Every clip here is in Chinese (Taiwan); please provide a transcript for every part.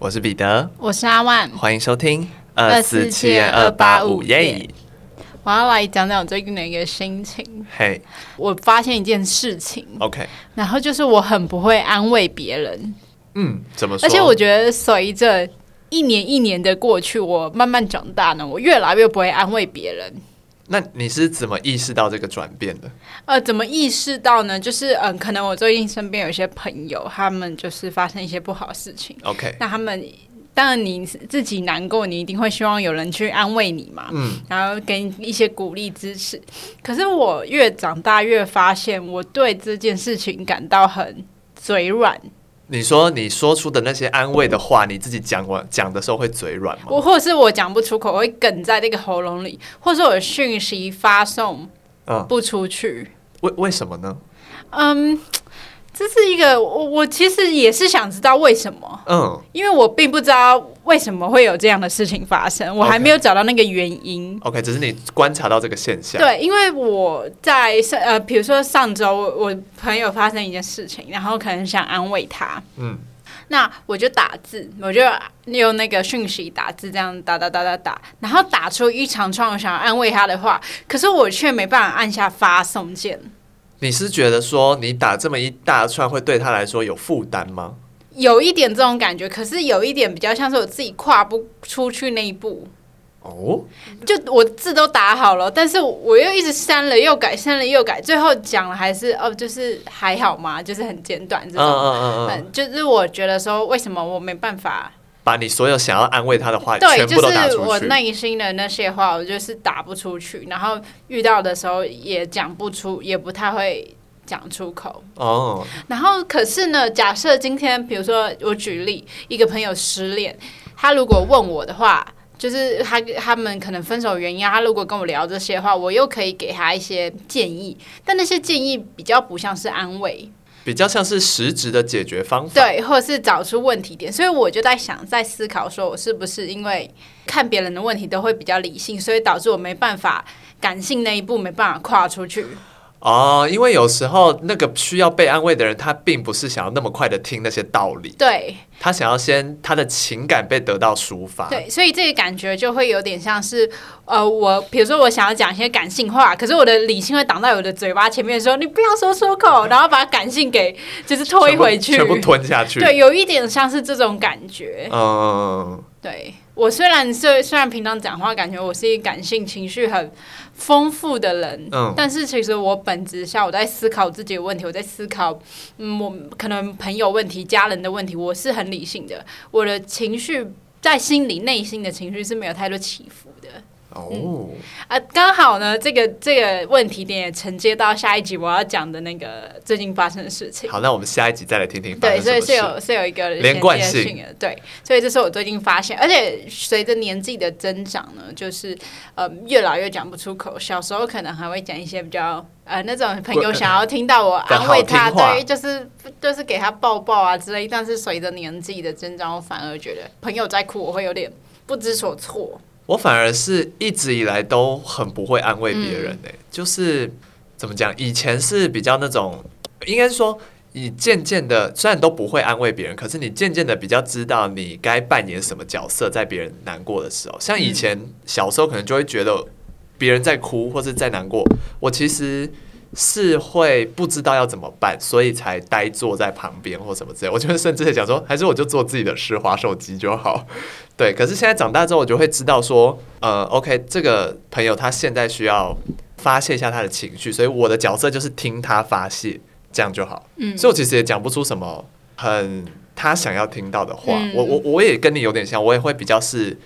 我是彼得，我是阿萬，歡迎收聽二四七二八五耶！我要來講講我最近的一個心情。嘿 Hey，我發現一件事情。OK，然後就是我很不會安慰別人。嗯，怎麼說？而且我覺得隨着一年一年的過去，我慢慢長大呢，我越來越不會安慰別人。那你是怎麼意識到這個轉變的？呃，怎麼意識到呢？就是，嗯，可能我最近身邊有一些朋友，他們就是發生一些不好事情。OK，那他們當然你自己難過，你一定會希望有人去安慰你嘛。嗯，然後給你一些鼓勵支持。可是我越長大越發現，我對這件事情感到很嘴軟。你說你說出的那些安慰的話，你自己講完講的時候會嘴軟嗎？我，或者是我講不出口，我會梗在那個喉嚨裡，或是我的訊息發送，不出去。嗯、為為什麼呢？嗯。Um, 這是一個我我其實也是想知道為什麼，嗯，因為我並不知道為什麼會有這樣的事情發生，Okay. 我還沒有找到那個原因。OK，只是你觀察到這個現象。對，因為我在上呃，比如說上周我朋友發生一件事情，然後可能想安慰他，嗯，那我就打字，我就用那個訊息打字，這樣打打打打打，然後打出一長串我想要安慰他的話，可是我卻沒辦法按下發送鍵。你是覺得說你打這麼一大串會對他來說有負擔嗎？有一點這種感覺，可是有一點比較像是我自己跨不出去那一步。哦，就我字都打好了，但是我又一直刪了又改，刪了又改，最後講了還是哦，就是還好嘛，就是很簡短這種。嗯，嗯，嗯，嗯，反正就是我覺得說為什麼我沒辦法，把你所有想要安慰他的話，對，全部都打出去。就是我內心的那些話，我就是打不出去。然後遇到的時候也講不出，也不太會講出口。Oh. 然後可是呢，假設今天，比如說我舉例，一個朋友失戀，他如果問我的話，就是他他們可能分手原因，他如果跟我聊這些話，我又可以給他一些建議，但那些建議比較不像是安慰。比較像是實質的解決方法，對，或者是找出問題點，所以我就在想，在思考，說我是不是因為看別人的問題都會比較理性，所以導致我沒辦法感性那一步，沒辦法跨出去。哦，oh, 因為有時候那個需要被安慰的人，他並不是想要那麼快的聽那些道理，對，他想要先他的情感被得到抒發，對，所以這個感覺就會有點像是，呃，我比如說我想要講一些感性話，可是我的理性會擋在我的嘴巴前面的時候，說你不要說出口， 然後把感性給就是推一回去，全，全部吞下去，對，有一點像是這種感覺，嗯。Oh. 對，我雖然雖雖然平常講話，感覺我是一個感性、情緒很豐富的人，Oh. 但是其實我本質下，我在思考自己的問題，我在思考，嗯，我可能朋友問題、家人的問題，我是很理性的。我的情緒在心裡、內心的情緒是沒有太多起伏。哦，啊、oh, 嗯，呃、剛好呢，這個這個問題點也承接到下一集我要講的那個最近發生的事情。好，那我們下一集再來聽聽。對，所以是有是有一個連貫性的。性對，所以這是我最近發現，而且隨着年紀的增長呢，就是呃越來越講不出口。小時候可能還會講一些比較呃那種朋友想要聽到我安慰他， 對，於就是就是給他抱抱啊之類。但是隨着年紀的增長，我反而覺得朋友在哭，我會有點不知所措。我反而是一直以來都很不會安慰別人誒、欸，嗯、就是怎麼講？以前是比較那種，應該說，你漸漸的雖然都不會安慰別人，可是你漸漸的比較知道你該扮演什麼角色，在別人難過的時候。像以前小時候可能就會覺得別人在哭或是在難過，我其實。是會不知道要怎麼辦，所以才呆坐在旁邊或什麼之類的。我就會甚至在講說，還是我就做自己的事，滑手機就好。對，可是現在長大之後，我就會知道說，呃，OK，這個朋友他現在需要發洩一下他的情緒，所以我的角色就是聽他發洩，這樣就好。嗯，所以我其實也講不出什麼很他想要聽到的話。嗯、我我我也跟你有點像，我也會比較是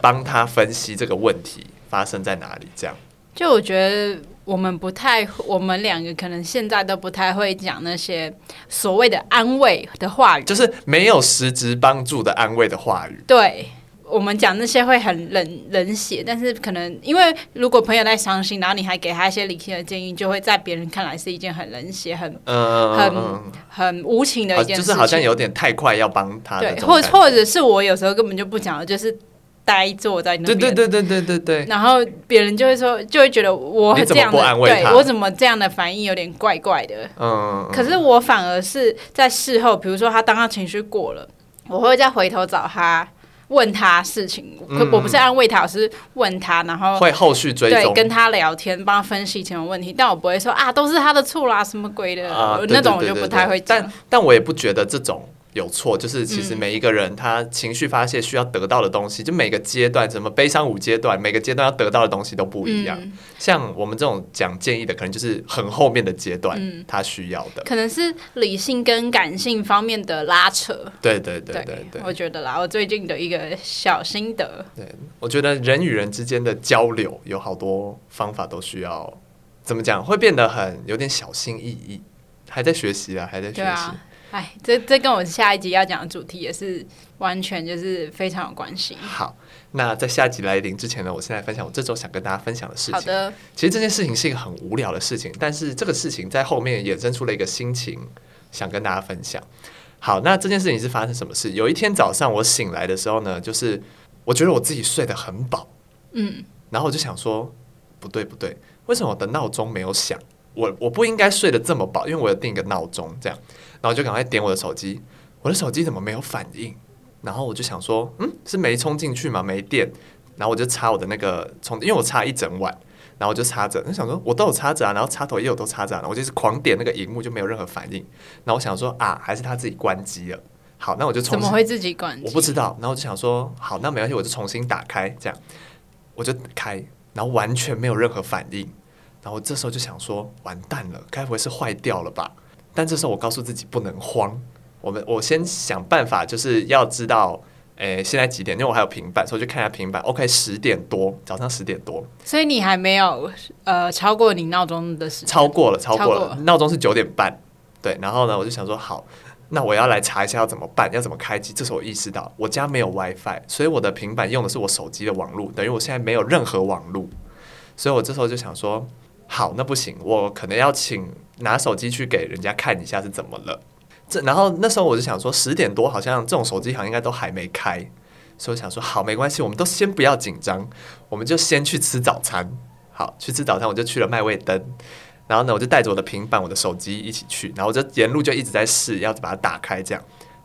幫他分析這個問題發生在哪裡，這樣。就我覺得。我們不太，我們兩個可能現在都不太會講那些所謂的安慰的話語，就是沒有實質幫助的安慰的話語。對，我們講那些會很冷冷血，但是可能因為如果朋友在傷心，然後你還給他一些理性的建議，就會在別人看來是一件很冷血，很嗯，嗯，嗯，嗯、很很無情的一件事情，就是好像有點太快要幫他。對，或或者是我有時候根本就不講，就是。呆坐在那邊，對對對對對對，對然後別人就會說，就會覺得我這樣的，你怎麼不安慰他？對我怎麼這樣的反應有點怪怪的。嗯、可是我反而是在事後，比如說他當他情緒過了，我會再回頭找他問他事情。我、嗯、我不是安慰他，我是問他，然後會後續追蹤，對，跟他聊天，幫他分析以前的問題。但我不會說啊，都是他的錯啦，什麼鬼的，那種我就不太會對對對對對。但但我也不覺得這種。有錯就是，其實每一個人他情緒發洩需要得到的東西，嗯、就每個階段，什麼悲傷五階段，每個階段要得到的東西都不一樣。嗯、像我們這種講建議的，可能就是很後面的階段，嗯、他需要的可能是理性跟感性方面的拉扯。嗯、對對對對對，對，我覺得啦，我最近的一個小心得，對我覺得人與人之間的交流有好多方法都需要，怎麼講會變得很有點小心翼翼，還在學習啊，還在學習。哎，這這跟我下一集要講的主題也是完全就是非常有關係。好，那在下一集來臨之前呢，我先來分享我這週想跟大家分享的事情。好的，其實這件事情是一個很無聊的事情，但是這個事情在後面衍生出了一個心情，想跟大家分享。好，那這件事情是發生什麼事？有一天早上我醒來的時候呢，就是我覺得我自己睡得很飽，嗯，然後我就想說，不對不對，為什麼我的鬧鐘沒有響？我我不應該睡得這麼飽，因為我有定一個鬧鐘這樣。然後就趕快點我的手機，我的手機怎麼沒有反應？然後我就想說，嗯，是沒充進去嗎？沒電？然後我就插我的那個充，因為我插一整晚，然後我就插着，就想說，我都有插着啊，然後插頭也有都插着了啊，然後我就是狂點那個熒幕，就沒有任何反應。然後我想說，啊，還是他自己關機了。好，那我就重。怎麼會自己關機？我不知道。然後我就想說，好，那沒關係，我就重新打開，這樣我就開，然後完全沒有任何反應。然後這時候就想說，完蛋了，該不會是壞掉了吧？但這時候我告訴自己不能慌，我們我先想辦法，就是要知道，誒，現在幾點？因為我還有平板，所以我就看下平板。OK，十點多，早上十點多。所以你還沒有呃超過你鬧鐘的時間？超過了，超過了。鬧鐘是九點半，對。然後呢，我就想說，好，那我要來查一下要怎麼辦，要怎麼開機？這時候我意識到，我家沒有 WiFi，所以我的平板用的是我手機的網絡，等於我現在沒有任何網絡。所以我這時候就想說。好，那不行，我可能要請拿手機去給人家看一下是怎麼了。這然後那時候我就想說，十點多好像這種手機好像應該都還沒開，所以我想說，好，沒關係，我們都先不要緊張，我們就先去吃早餐。好，去吃早餐，我就去了麥味登，然後呢，我就帶着我的平板、我的手機一起去，然後我就沿路就一直在試，要把它打開，這樣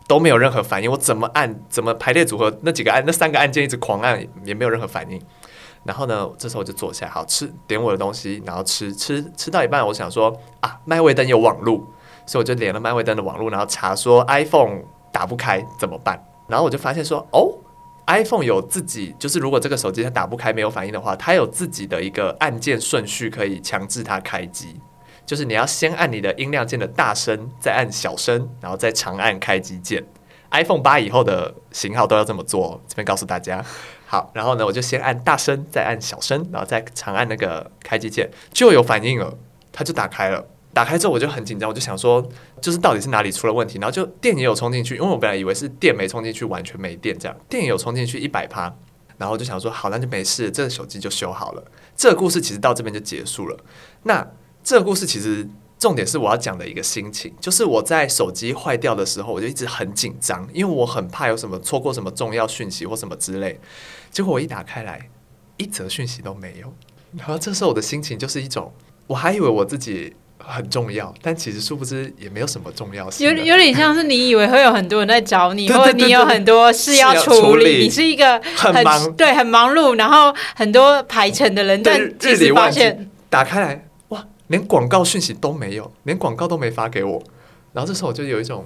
都沒有任何反應。我怎麼按，怎麼排列組合，那幾個按，那三個按鍵一直狂按，也沒有任何反應。然後呢，這時候我就坐下來，好吃點我的東西，然後吃吃吃到一半，我想說啊，麥味登有網路，所以我就連了麥味登的網路，然後查說 iPhone 打不開怎麼辦？然後我就發現說哦，iPhone 有自己，就是如果這個手機它打不開沒有反應的話，它有自己的一個按鍵順序可以強制它開機，就是你要先按你的音量鍵的大聲，再按小聲，然後再長按開機鍵。iPhone 八以後的型號都要這麼做，這邊告訴大家。好，然後呢，我就先按大聲，再按小聲，然後再長按那個開機鍵，就有反應了，它就打開了。打開之後我就很緊張，我就想說，就是到底是哪裡出了問題？然後就電也有充進去，因為我本來以為是電沒充進去，完全沒電這樣，電也有充進去一百趴，然後就想說，好，那就沒事，這個手機就修好了。這個故事其實到這邊就結束了。那這個故事其實。重點是我要講的一個心情，就是我在手機壞掉的時候，我就一直很緊張，因為我很怕有什麼錯過什麼重要訊息或什麼之類。結果我一打開來，一則訊息都沒有。然後這時候我的心情就是一種，我還以為我自己很重要，但其實殊不知也沒有什麼重要性。有有點像是你以為會有很多人在找你，對對對對，或者你有很多事要處理，是處理，你是一個很，很忙，對，很忙碌，然後很多排程的人，對但自己發現打開來連廣告訊息都沒有，連廣告都沒發給我。然後這時候我就有一種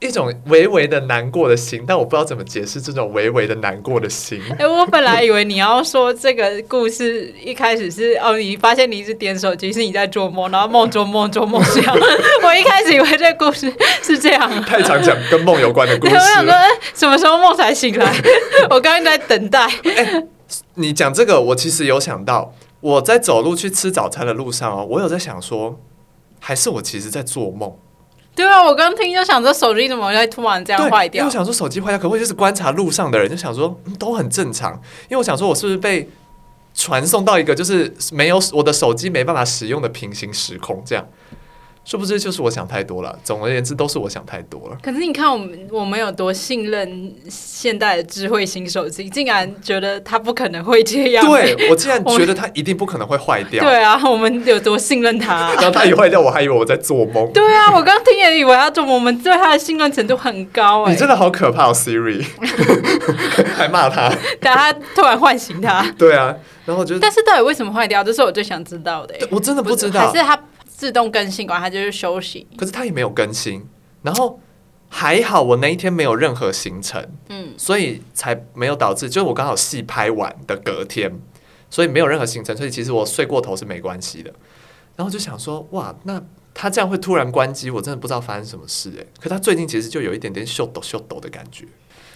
一種微微的難過的心，但我不知道怎麼解釋這種微微的難過的心。誒、欸，我本來以為你要說這個故事一開始是 哦，你發現你一直點手機，是你在做夢，然後夢做夢做夢這樣。 我一開始以為這個故事是這樣。太常講跟夢有關的故事，欸。我想說，什麼時候夢才醒來？ 我剛剛在等待。欸、你講這個，我其實有想到。我在走路去吃早餐的路上哦、喔，我有在想說，還是我其實，在做夢？對啊，我剛聽就想說，手機怎麼會突然這樣壞掉？我想說手機壞掉，可不可以就是觀察路上的人，就想說、嗯、都很正常。因為我想說，我是不是被傳送到一個就是沒有我的手機沒辦法使用的平行時空這樣？是不是就是我想太多了？總而言之，都是我想太多了。可是你看，我們我們有多信任現代的智慧型手機，竟然覺得它不可能會這樣。對我竟然覺得它一定不可能會壞掉。對啊，我們有多信任它、啊？ 然後它一壞掉，我還以為我在做夢。對啊，我剛聽也以為要做夢。我們對它的信任程度很高、欸、你真的好可怕、哦、，Siri， 還罵他，打他，突然喚醒他。對啊，然後就……但是到底為什麼壞掉？這、就是我最想知道的、欸。我真的不知道，可是，是他？自動更新，然後它就是休息。可是它也沒有更新，然後還好我那一天沒有任何行程，嗯，所以才沒有導致，就是我剛好戲拍完的隔天，所以沒有任何行程，所以其實我睡過頭是沒關係的。然後就想說，哇，那它這樣會突然關機，我真的不知道發生什麼事哎、欸。可它最近其實就有一點點秀逗秀逗的感覺。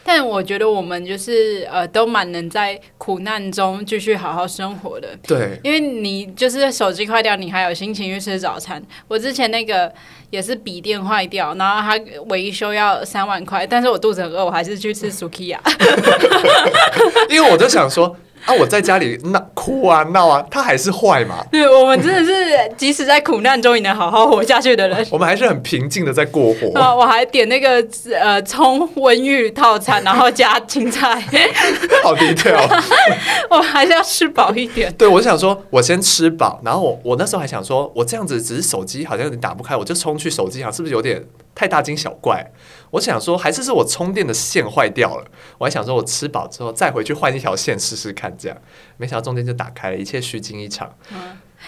但我覺得我們就是呃，都蠻能在苦難中繼續好好生活的。對，因為你就是手機壞掉，你還有心情去吃早餐。我之前那個也是筆電壞掉，然後它維修要三萬塊，但是我肚子很餓，我還是去吃 Sukiya。 因為我就想說。啊！我在家裡那哭啊鬧啊，他還是壞嘛？對，我們真的是即使在苦難中也能好好活下去的人。 我們還是很平靜的在過活。哇、啊，我還點那個呃蔥溫浴套餐，然後加青菜， 好低調。 我還是要吃飽一點。對，我想說，我先吃飽，然後我我那時候還想說，我這樣子只是手機好像有點打不開，我就衝去手機上，是不是有點？太大驚小怪，我想說還是是我充電的線壞掉了，我還想說我吃飽之後再回去換一條線試試看，這樣，沒想到中間就打開了，一切虛驚一場。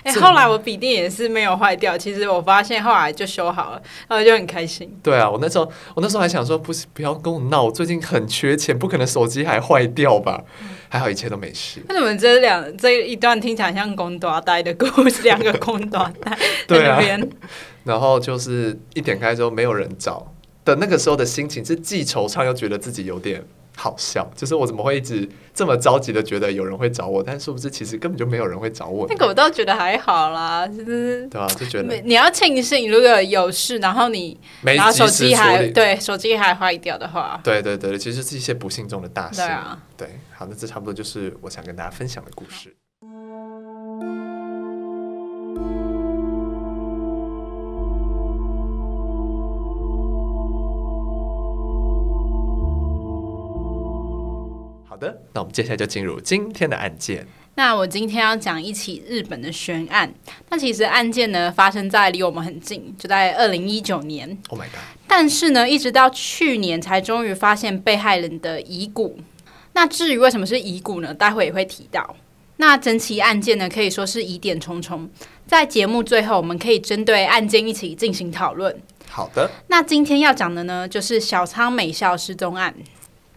哎、嗯，欸、麼後來我筆電也是沒有壞掉，其實我發現後來就修好了，然後就很開心。對啊，我那時候我那時候還想說，不是不要跟我鬧，我最近很缺錢，不可能手機還壞掉吧？還好一切都沒事。嗯欸沒啊、那你們、嗯、這兩這一段聽起來像公大呆的故事，兩個公大呆 對、啊》對、啊。然後就是一點開之後沒有人找的那個時候的心情是既惆悵又覺得自己有點好笑，就是我怎麼會一直這麼着急的覺得有人會找我，但是不是其實根本就沒有人會找我。那個我倒覺得還好啦，就是對啊，就覺得你要慶幸如果有事，然後你沒手機還對手機還壞掉的話，對對對，對，其實是一些不幸中的大幸。對啊，對，好，那這差不多就是我想跟大家分享的故事。那我們接下來就進入今天的案件。那我今天要講一起日本的懸案。那其實案件呢，發生在離我們很近，就在二零一九年。Oh my god！但是呢，一直到去年才終於發現被害人的遺骨。那至於為什麼是遺骨呢？待會也會提到。那整起案件呢，可以說是疑點重重。在節目最後，我們可以針對案件一起進行討論。好的。那今天要講的呢，就是小倉美咲失蹤案。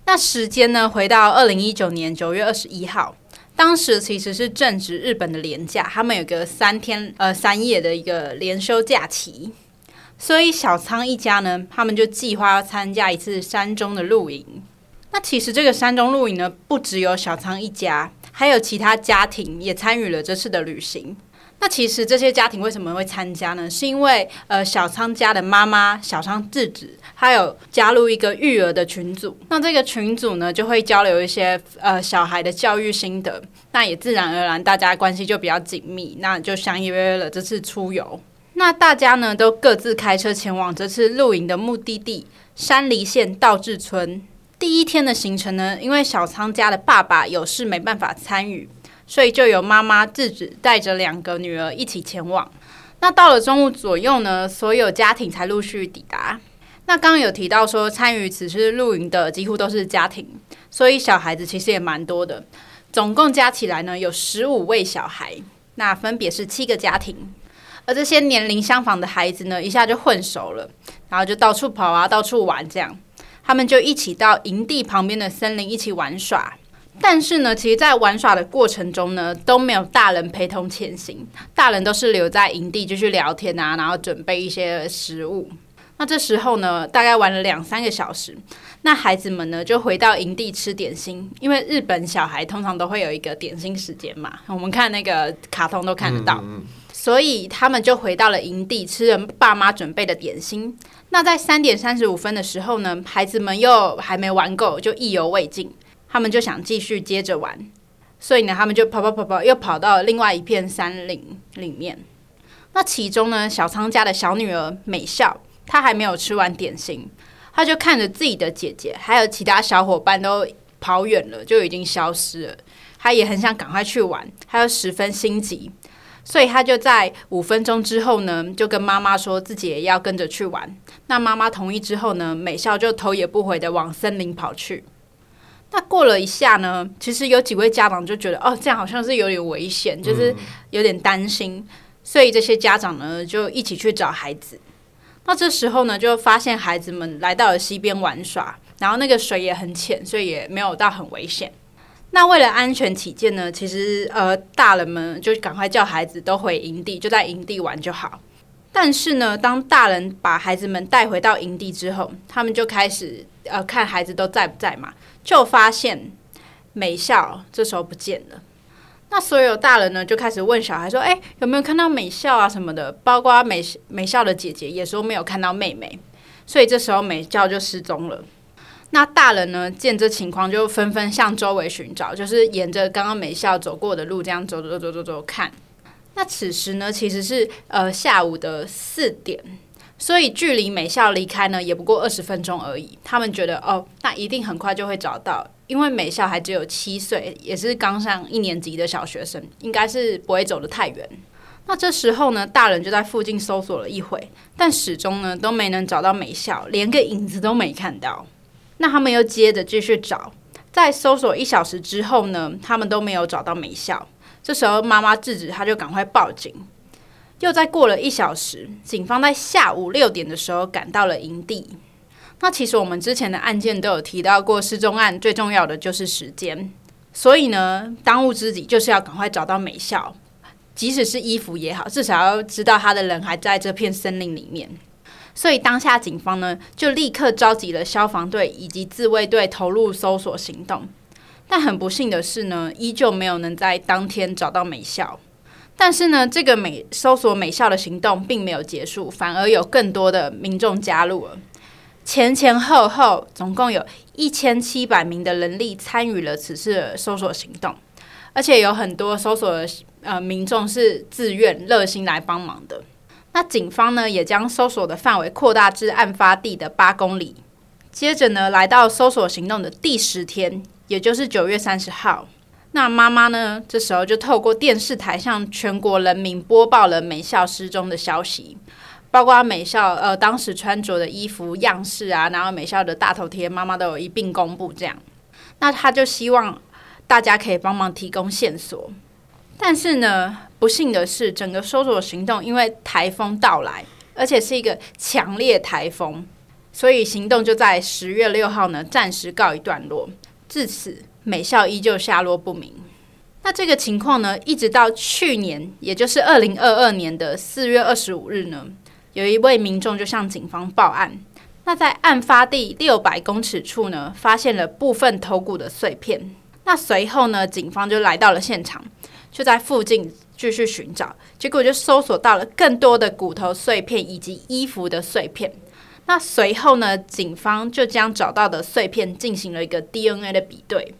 那時間呢，回到二零一九年九月二十一號，當時其實是正值日本的連假，他們有個三天呃三夜的一個連休假期，所以小倉一家呢，他們就計劃要參加一次山中的露營。那其實這個山中露營呢，不只有小倉一家，還有其他家庭也參與了這次的旅行。那其實這些家庭為什麼會參加呢？是因為呃小倉家的媽媽小倉智子還有加入一個育兒的群組，那這個群組呢，就會交流一些呃小孩的教育心得，那也自然而然大家關係就比較緊密，那就相約了這次出遊。那大家呢，都各自開車前往這次露營的目的地山梨縣道志村。第一天的行程呢，因為小倉家的爸爸有事沒辦法參與。所以就由媽媽智子帶着兩個女兒一起前往。那到了中午左右呢，所有家庭才陸續抵達。那剛剛有提到說，參與此次露營的幾乎都是家庭，所以小孩子其實也蠻多的。總共加起來呢，有十五位小孩，那分別是七個家庭。而這些年齡相仿的孩子呢，一下就混熟了，然後就到處跑啊，到處玩這樣。他們就一起到營地旁邊的森林一起玩耍。但是呢，其實，在玩耍的過程中呢，都沒有大人陪同前行，大人都是留在營地就去聊天啊，然後準備一些食物。那這時候呢，大概玩了兩三個小時，那孩子們呢就回到營地吃點心，因為日本小孩通常都會有一個點心時間嘛，我們看那個卡通都看得到，嗯嗯所以他們就回到了營地吃了爸媽準備的點心。那在三點三十五分的時候呢，孩子們又還沒玩夠，就意猶未盡。他們就想繼續接着玩，所以呢，他們就跑跑跑跑，又跑到另外一片山林裡面。那其中呢，小倉家的小女兒美咲，她還沒有吃完點心，她就看着自己的姐姐還有其他小伙伴都跑遠了，就已經消失了。她也很想趕快去玩，她又十分心急，所以她就在五分鐘之後呢，就跟媽媽說自己也要跟着去玩。那媽媽同意之後呢，美咲就頭也不回地往森林跑去。啊、過了一下呢，其實有幾位家長就覺得哦，這樣好像是有點危險，就是有點擔心，所以這些家長呢，就一起去找孩子。那這時候呢，就發現孩子們來到了溪邊玩耍，然後那個水也很淺，所以也沒有到很危險。那為了安全起見呢，其實呃，大人們就趕快叫孩子都回營地，就在營地玩就好。但是呢，當大人把孩子們帶回到營地之後，他們就開始呃看孩子都在不在嘛。就發現美咲這時候不見了，那所有大人呢就開始問小孩說：“誒、欸，有沒有看到美咲啊？什麼的，包括美美咲的姐姐也說沒有看到妹妹，所以這時候美咲就失蹤了。那大人呢見這情況，就紛紛向周圍尋找，就是沿着剛剛美咲走過的路這樣走走走走走看。那此時呢，其實是呃下午的四點。”所以距離美咲離開呢，也不過二十分鐘而已。他們覺得哦，那一定很快就會找到，因為美咲還只有七歲，也是剛上一年級的小學生，應該是不會走得太遠。那這時候呢，大人就在附近搜索了一回，但始終呢都沒能找到美咲，連個影子都沒看到。那他們又接着繼續找，在搜索一小時之後呢，他們都沒有找到美咲。這時候媽媽制止他，就趕快報警。又再過了一小時，警方在下午六點的時候趕到了營地。那其實我們之前的案件都有提到過失，失蹤案最重要的就是時間，所以呢，當務之急就是要趕快找到美咲，即使是衣服也好，至少要知道他的人還在這片森林裡面。所以當下警方呢，就立刻召集了消防隊以及自衛隊投入搜索行動。但很不幸的是呢，依舊沒有能在當天找到美咲。但是呢，這個美搜索美咲的行動並沒有結束，反而有更多的民眾加入了。前前後後，總共有一千七百名的人力參與了此次搜索行動，而且有很多搜索的呃民眾是自願熱心來幫忙的。那警方呢，也將搜索的範圍擴大至案發地的八公里。接着呢，來到搜索行動的第十天，也就是九月三十號。那媽媽呢，這時候就透過電視台向全國人民播報了美咲失蹤的消息，包括美咲呃當時穿着的衣服樣式啊，然後美咲的大頭貼，媽媽都有一併公布。這樣，那她就希望大家可以幫忙提供線索。但是呢，不幸的是，整個搜索行動因為颱風到來，而且是一個強烈颱風，所以行動就在十月六號呢暫時告一段落。至此，美咲依舊下落不明。那這個情況呢，一直到去年，也就是二零二二年的四月二十五日呢，有一位民眾就向警方報案。那在案發地六百公尺處呢，發現了部分頭骨的碎片。那隨後呢，警方就來到了現場，就在附近繼續尋找，結果就搜索到了更多的骨頭碎片以及衣服的碎片。那隨後呢，警方就將找到的碎片進行了一個 DNA 的比對。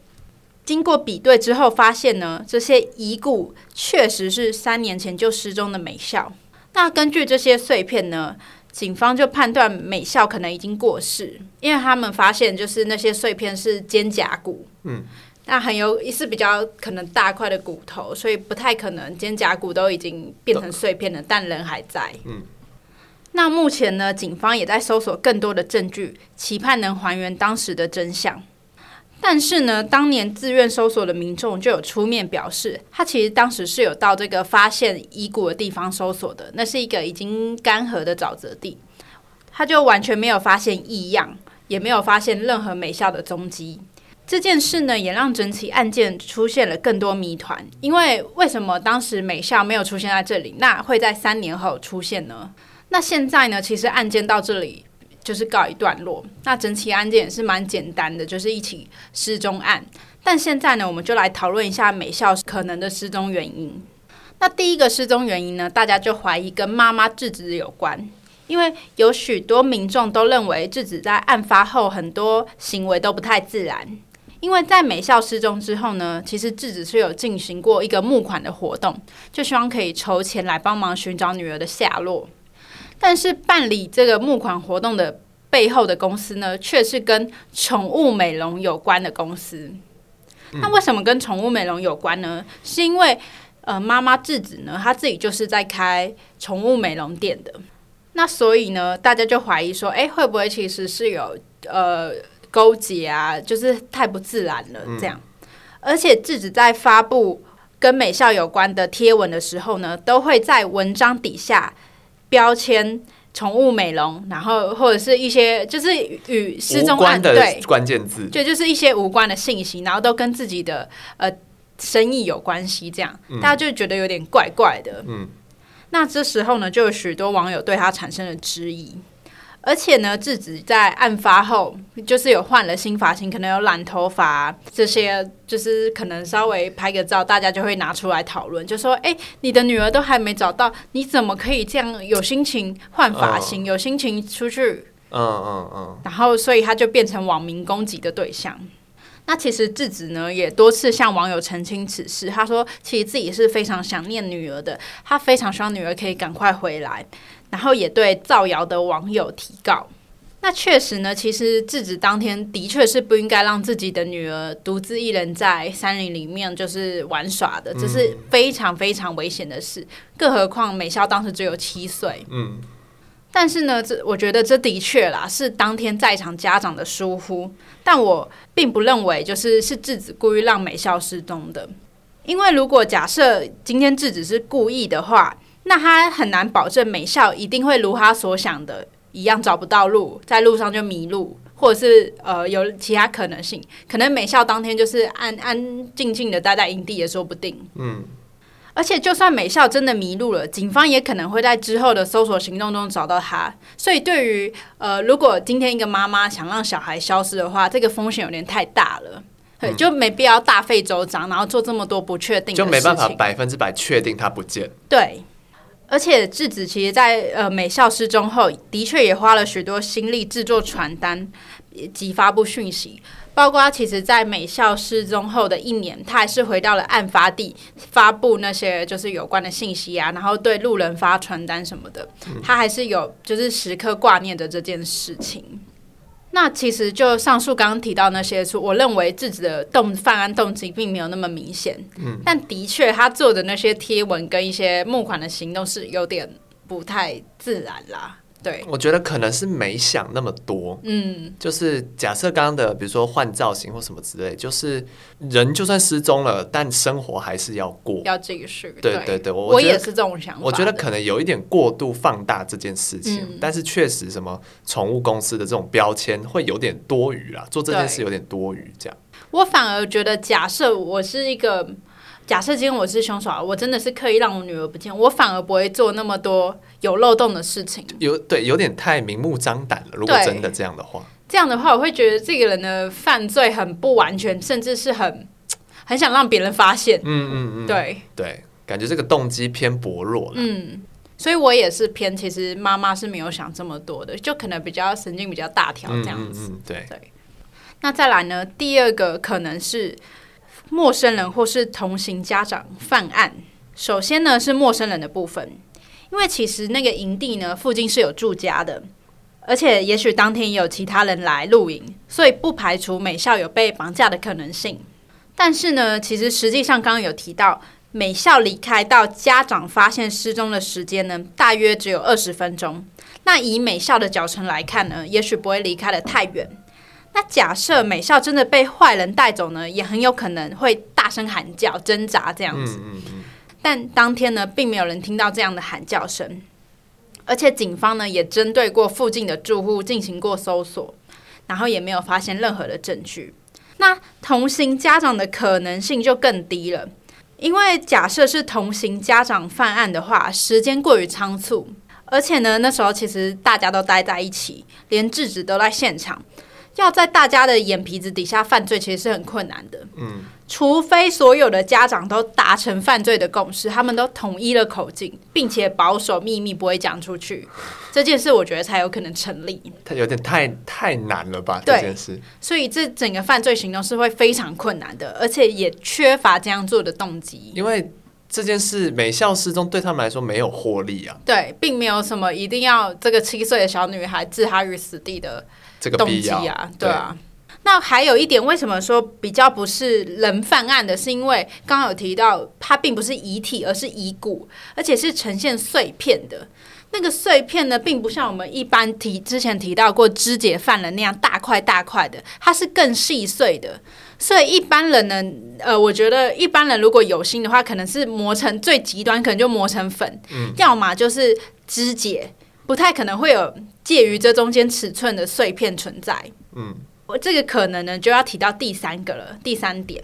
經過比對之後，發現呢，這些遺骨確實是三年前就失蹤的美咲。那根據這些碎片呢，警方就判斷美咲可能已經過世，因為他們發現就是那些碎片是肩胛骨，嗯，那很有一是比較可能大塊的骨頭，所以不太可能肩胛骨都已經變成碎片了，嗯、但人還在。嗯，那目前呢，警方也在搜索更多的證據，期盼能還原當時的真相。但是呢，當年自願搜索的民眾就有出面表示，他其實當時是有到這個發現遺骨的地方搜索的，那是一個已經乾涸的沼澤地，他就完全沒有發現異樣，也沒有發現任何美咲的蹤跡。這件事呢，也讓整起案件出現了更多謎團，因為為什麼當時美咲沒有出現在這裡，那會在三年後出現呢？那現在呢，其實案件到這裡。就是告一段落。那整起案件也是蠻簡單的，就是一起失蹤案。但現在呢，我們就來討論一下美咲可能的失蹤原因。那第一個失蹤原因呢，大家就懷疑跟媽媽智子有關，因為有許多民眾都認為智子在案發後很多行為都不太自然。因為在美咲失蹤之後呢，其實智子是有進行過一個募款的活動，就希望可以籌錢來幫忙尋找女兒的下落。但是辦理這個募款活動的背後的公司呢，卻是跟寵物美容有關的公司。那為什麼跟寵物美容有關呢？是因為呃，媽媽智子呢，她自己就是在開寵物美容店的。那所以呢，大家就懷疑說，哎，會不會其實是有呃勾結啊？就是太不自然了這樣。嗯、而且智子在發布跟美咲有關的貼文的時候呢，都會在文章底下。標籤寵物美容，然後或者是一些就是與失蹤案無關的關鍵字，對，就，就是一些無關的信息，然後都跟自己的呃生意有關係，這樣大家就覺得有點怪怪的。嗯，那這時候呢，就有許多網友對他產生了質疑。而且呢，智子在案發後就是有換了新髮型，可能有染頭髮、啊、這些，就是可能稍微拍個照，大家就會拿出來討論，就說：“哎、欸，你的女兒都還沒找到，你怎麼可以這樣有心情換髮型，uh, uh, uh. 有心情出去？”嗯嗯嗯。然後，所以他就變成網民攻擊的對象。那其實智子呢，也多次向網友澄清此事，他說：“其實自己是非常想念女兒的，他非常希望女兒可以趕快回來。”然後也對造謠的網友提告。那確實呢，其實智子當天的確是不應該讓自己的女兒獨自一人在山林裡面就是玩耍的，嗯、這是非常非常危險的事。更何況美咲當時只有七歲。嗯。但是呢，這我覺得這的確啦，是當天在場家長的疏忽。但我並不認為就是是智子故意讓美咲失蹤的，因為如果假設今天智子是故意的話。那他很難保證美咲一定會如他所想的一樣找不到路，在路上就迷路，或者是呃有其他可能性，可能美咲當天就是安安靜靜的待在營地也說不定。嗯，而且就算美咲真的迷路了，警方也可能會在之後的搜索行動中找到他。所以對，對於呃，如果今天一個媽媽想讓小孩消失的話，這個風險有點太大了，對、嗯，就沒必要大費周章，然後做這麼多不確定，就沒辦法百分之百確定他不見，對。而且智子其實在呃美咲失蹤後，的確也花了許多心力製作傳單及發布訊息。包括他其實，在美咲失蹤後的一年，他還是回到了案發地，發布那些就是有關的信息啊，然後對路人發傳單什麼的，他還是有就是時刻掛念着這件事情。那其實就上述剛剛提到那些，是我認為自己的動犯案動機並沒有那麼明顯，嗯、但的確他做的那些貼文跟一些募款的行動是有點不太自然啦。對，我覺得可能是沒想那麼多。嗯，就是假設剛剛的，比如說換造型或什麼之類，就是人就算失蹤了，但生活還是要過，要這個是，對對對，對，我我也是這種想法。我覺得可能有一點過度放大這件事情，嗯、但是確實什麼寵物公司的這種標籤會有點多餘啦，啊，做這件事有點多餘。這樣，我反而覺得假設我是一個。假設今天我是凶手啊，我真的是刻意讓我女兒不見，我反而不會做那麼多有漏洞的事情。有對，有點太明目張膽了。如果真的這樣的話，這樣的話我會覺得這個人的犯罪很不完全，甚至是很很想讓別人發現。嗯嗯嗯，嗯嗯對對，感覺這個動機偏薄弱。嗯，所以我也是偏，其實媽媽是沒有想這麼多的，就可能比較神經比較大條這樣子。嗯嗯嗯、對對，那再來呢？第二個可能是。陌生人或是同行家長犯案。首先呢，是陌生人的部分，因為其實那個營地呢附近是有住家的，而且也許當天也有其他人來露營，所以不排除美咲有被綁架的可能性。但是呢，其實實際上剛剛有提到，美咲離開到家長發現失蹤的時間呢，大約只有二十分鐘。那以美咲的腳程來看呢，也許不會離開得太遠。那假設美咲真的被壞人帶走呢，也很有可能會大聲喊叫、掙扎這樣子。嗯嗯嗯，但當天呢，並沒有人聽到這樣的喊叫聲，而且警方呢也針對過附近的住戶進行過搜索，然後也沒有發現任何的證據。那同行家長的可能性就更低了，因為假設是同行家長犯案的話，時間過於倉促，而且呢，那時候其實大家都待在一起，連智子都在現場。要在大家的眼皮子底下犯罪，其實是很困難的。嗯，除非所有的家長都達成犯罪的共識，他們都統一了口徑，並且保守秘密不會講出去，唉這件事我覺得才有可能成立。它有點太太難了吧？對這件事，所以這整個犯罪行動是會非常困難的，而且也缺乏這樣做的動機。因為這件事美咲失蹤對他們來說沒有獲利啊，對，並沒有什麼一定要這個七歲的小女孩置她於死地的。這個必要動機啊，對啊。對那還有一點，為什麼說比較不是人犯案的？是因為剛剛有提到，它，並不是遺體，而是遺骨，而且是呈現碎片的。那個碎片呢，並不像我們一般提之前提到過肢解犯人那樣大塊大塊的，它是更細碎的。所以一般人呢，呃，我覺得一般人如果有心的話，可能是磨成最極端，可能就磨成粉，嗯、要麼就是肢解。不太可能會有介於這中間尺寸的碎片存在。嗯，我這個可能呢，就要提到第三個了。第三點，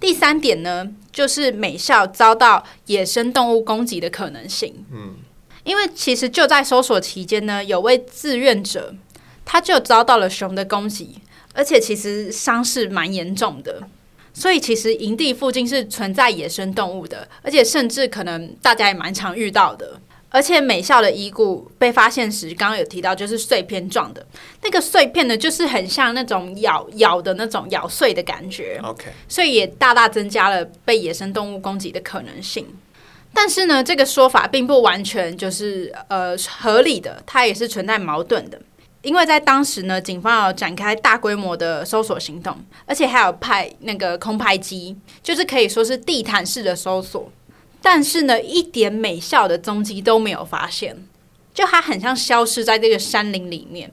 第三點呢，就是美咲遭到野生動物攻擊的可能性。嗯，因為其實就在搜索期間呢，有位志願者他就遭到了熊的攻擊，而且其實傷勢蠻嚴重的。所以其實營地附近是存在野生動物的，而且甚至可能大家也蠻常遇到的。而且美咲的遺骨被發現時，剛剛有提到就是碎片狀的，那個碎片呢，就是很像那種咬咬的那種咬碎的感覺。Okay. 所以也大大增加了被野生動物攻擊的可能性。但是呢，這個說法並不完全就是呃合理的，它也是存在矛盾的。因為在當時呢，警方要展開大規模的搜索行動，而且還有派那個空拍機，就是可以說是地毯式的搜索。但是呢，一點美咲的蹤跡都沒有發現，就它很像消失在這個山林裡面，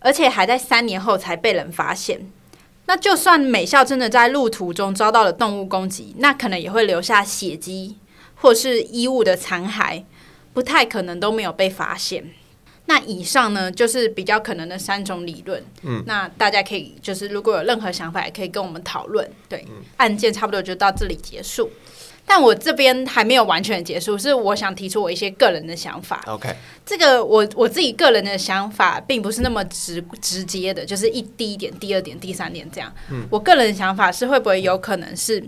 而且還在三年後才被人發現。那就算美咲真的在路途中遭到了動物攻擊，那可能也會留下血跡或是衣物的殘骸，不太可能都沒有被發現。那以上呢，就是比較可能的三種理論。嗯，那大家可以就是如果有任何想法，也可以跟我們討論。對，案件差不多就到這裡結束。但我這邊還沒有完全結束，是我想提出我一些個人的想法。OK，這個我我自己個人的想法並不是那麼直直接的，就是一第一點、第二點、第三點這樣。嗯，我個人的想法是會不會有可能是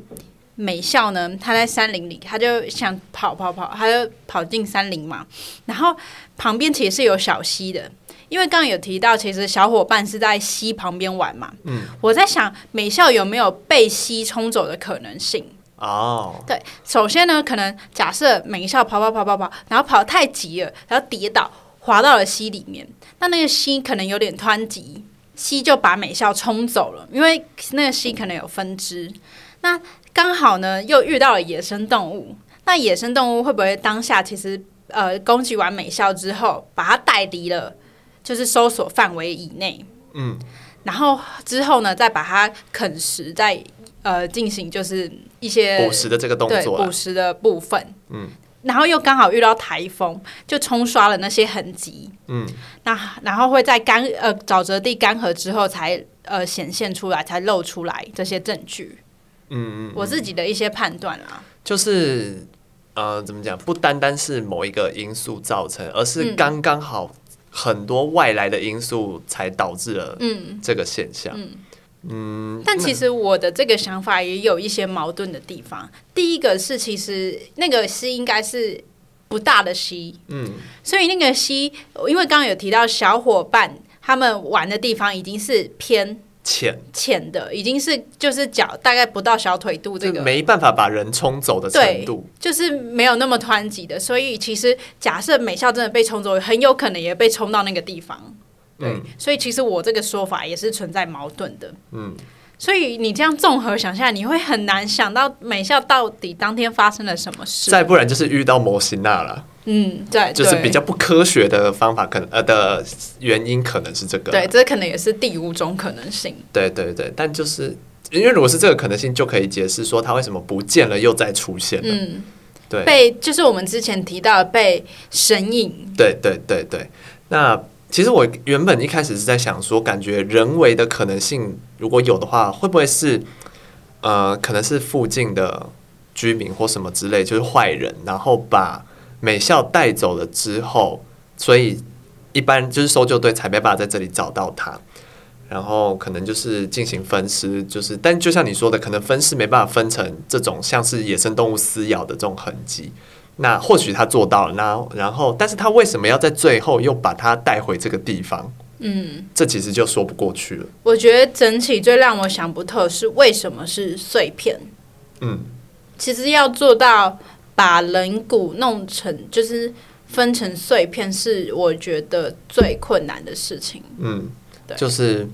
美咲呢？他在山林裡，他就想跑跑跑，他就跑進山林嘛。然後旁邊其實是有小溪的，因為剛剛有提到，其實小夥伴是在溪旁邊玩嘛。嗯，我在想美咲有沒有被溪沖走的可能性？哦，oh. 對，首先呢，可能假設美咲跑跑跑跑跑，然後跑得太急了，然後跌倒滑到了溪裡面。那那個溪可能有點湍急，溪就把美咲沖走了，因為那個溪可能有分支。嗯、那剛好呢，又遇到了野生動物。那野生動物會不會當下其實呃攻擊完美咲之後，把它帶離了就是搜索範圍以內？嗯，然後之後呢，再把它啃食，再呃進行就是。一些捕食的這個動作，啊，捕食的部分，嗯，然後又剛好遇到台風，就沖刷了那些痕跡，嗯，那然後會在乾呃沼澤地乾涸之後才，才呃顯現出來，才露出來這些證據，嗯，嗯，嗯，我自己的一些判斷啊，就是呃，怎麼講，不單單是某一個因素造成，而是剛剛好很多外來的因素才導致了嗯這個現象。嗯嗯嗯、但其實我的這個想法也有一些矛盾的地方。嗯、第一個是，其實那個溪應該是不大的溪，嗯，所以那個溪，因為剛剛有提到小夥伴他們玩的地方已經是偏淺淺淺的，已經是就是腳大概不到小腿肚這個，這沒辦法把人沖走的程度，就是沒有那麼湍急的。所以，其實假設美咲真的被沖走，很有可能也被沖到那個地方。對，所以其實我這個說法也是存在矛盾的。嗯，所以你這樣綜合想下，你會很難想到美咲到底當天發生了什麼事。再不然就是遇到摩西娜了。嗯，對，就是比較不科學的方法，可能呃的原因可能是這個。對，這可能也是第五種可能性。對對對，但就是因為如果是這個可能性，就可以解釋說他為什麼不見了又再出現了。嗯，對，被就是我們之前提到的被神隱。對對對對，對，那。其實我原本一開始是在想說，感覺人為的可能性如果有的話，會不會是呃，可能是附近的居民或什麼之類，就是壞人，然後把美咲帶走了之後，所以一般就是搜救隊才沒辦法在這裡找到他，然後可能就是進行分屍，就是但就像你說的，可能分屍沒辦法分成這種像是野生動物撕咬的這種痕跡。那或許他做到了，那然後，但是他為什麼要在最後又把他帶回這個地方？嗯，這其實就說不過去了。我覺得整體最讓我想不透是為什麼是碎片。嗯，其實要做到把人骨弄成就是分成碎片，是我覺得最困難的事情。嗯，對，就是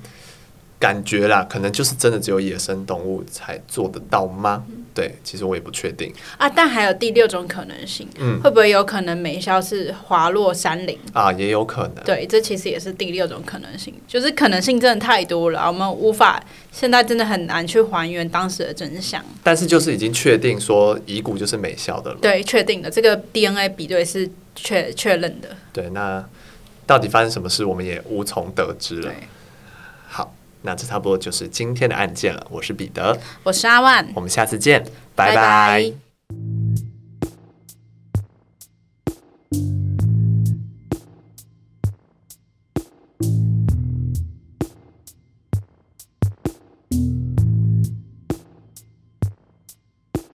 感覺啦，可能就是真的只有野生動物才做得到嗎？對，其實我也不確定啊，但還有第六種可能性，嗯、會不會有可能美咲是滑落山林啊？也有可能。對，這其實也是第六種可能性，就是可能性真的太多了，我們無法現在真的很難去還原當時的真相。但是就是已經確定說遺骨就是美咲的了。嗯，對，確定的，這個 DNA 比對是確確認的。對，那到底發生什麼事，我們也無從得知了。那這差不多就是今天的案件了。我是彼得，我是阿萬，我們下次見，拜拜。拜拜。